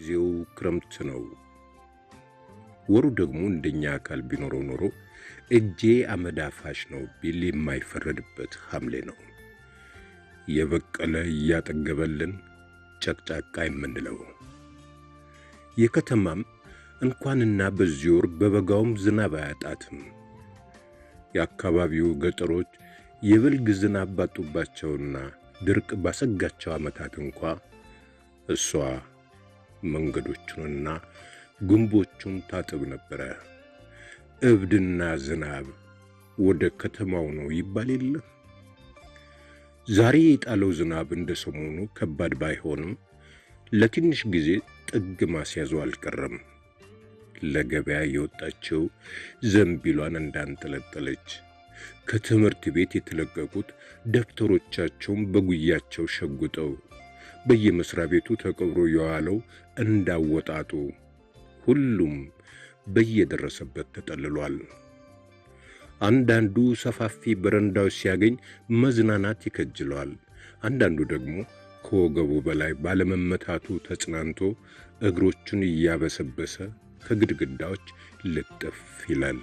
ጊዜው ክረምት ነው። ወሩ ደግሞ እንደኛ አካል ቢኖረው ኖሮ እጄ አመዳፋሽ ነው ቢል የማይፈረድበት ሐምሌ ነው። የበቀለ እያጠገበልን ጨቅጫቃ የምንለው የከተማም እንኳንና በዚህ ወር በበጋውም ዝናብ አያጣትም። የአካባቢው ገጠሮች የበልግ ዝናብ ባጡባቸውና ድርቅ ባሰጋቸው ዓመታት እንኳ እሷ መንገዶቹንና ግንቦቹን ታጥብ ነበረ። እብድና ዝናብ ወደ ከተማው ነው ይባል ዛሬ የጣለው ዝናብ እንደ ሰሞኑ ከባድ ባይሆንም ለትንሽ ጊዜ ጥግ ማስያዙ አልቀረም። ለገበያ የወጣችው ዘንቢሏን እንዳንጠለጠለች፣ ከትምህርት ቤት የተለቀቁት ደብተሮቻቸውን በጉያቸው ሸጉጠው በየመሥሪያ ቤቱ ተቀብሮ የዋለው እንዳወጣጡ ሁሉም በየደረሰበት ተጠልሏል። አንዳንዱ ሰፋፊ በረንዳዎች ሲያገኝ መዝናናት ይከጅለዋል። አንዳንዱ ደግሞ ከወገቡ በላይ ባለመመታቱ ተጽናንቶ እግሮቹን እያበሰበሰ ከግድግዳዎች ልጥፍ ይላል።